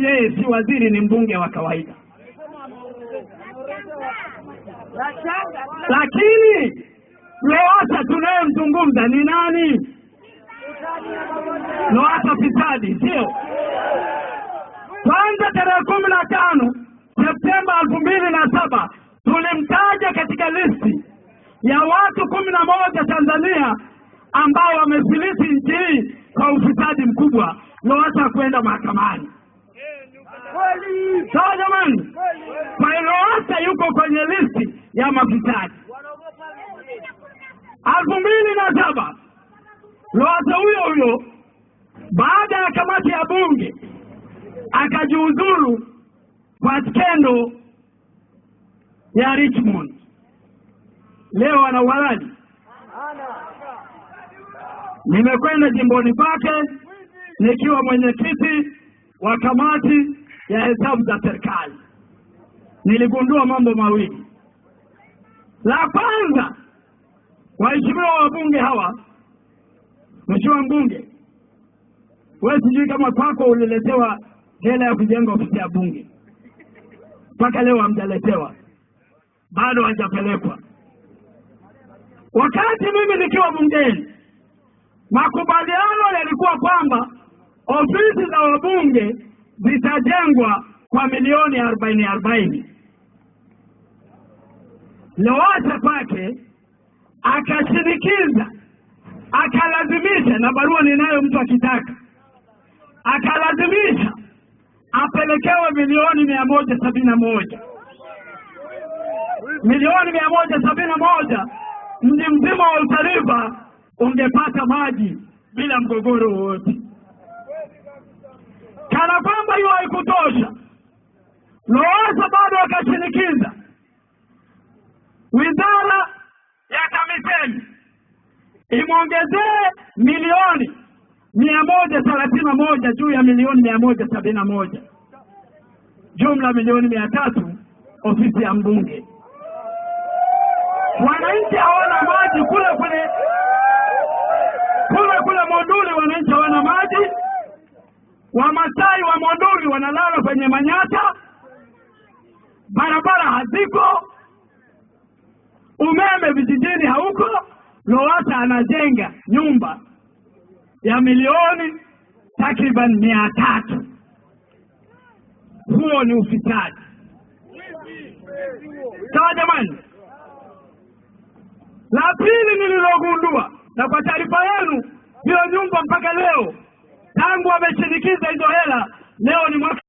yeye si waziri, ni mbunge wa kawaida. Lakini Lowassa tunayemzungumza ni nani? Lowassa fisadi, sio? Kwanza tarehe kumi na tano Septemba elfu mbili na saba tulimtaja katika listi ya watu kumi na moja Tanzania ambao wamefilisi nchi hii kwa ufisadi mkubwa, Lowassa kwenda mahakamani sawa jamani. Paulo yuko kwenye listi ya mafisadi elfu mbili na saba. Lowassa huyo huyo baada ya kamati ya bunge akajiuzuru kwa skendo ya Richmond. Leo ana uhalali. Nimekwenda jimboni pake nikiwa mwenyekiti wa kamati ya hesabu za serikali niligundua mambo mawili. La kwanza, waheshimiwa wabunge hawa, mheshimiwa mbunge, wewe sijui kama kwako uliletewa hela ya kujenga ofisi ya bunge, mpaka leo hamjaletewa, bado hajapelekwa. Wakati mimi nikiwa bungeni, makubaliano yalikuwa kwamba ofisi za wabunge zitajengwa kwa milioni arobaini arobaini. Lowassa kwake akashinikiza, akalazimisha, na barua ninayo mtu akitaka, akalazimisha apelekewe milioni mia moja sabini na moja milioni mia moja sabini na moja mji mzima wa Utalima ungepata maji bila mgogoro wowote. kutosha. Lowassa bado wakashinikiza wizara ya TAMISEMI imwongezee milioni mia moja thelathini na moja juu ya milioni mia moja sabini na moja jumla milioni mia tatu ofisi ya mbunge. Wananchi hawana maji kule kule kule kule Monduli, wananchi hawana maji. Wamasai wanalala kwenye manyata, barabara haziko, umeme vijijini hauko. Lowassa anajenga nyumba ya milioni takriban mia tatu. Huo ni ufisadi. Sawa jamani. La pili nililogundua, na kwa taarifa yenu, hiyo nyumba mpaka leo tangu wameshinikiza hizo hela 没有你们。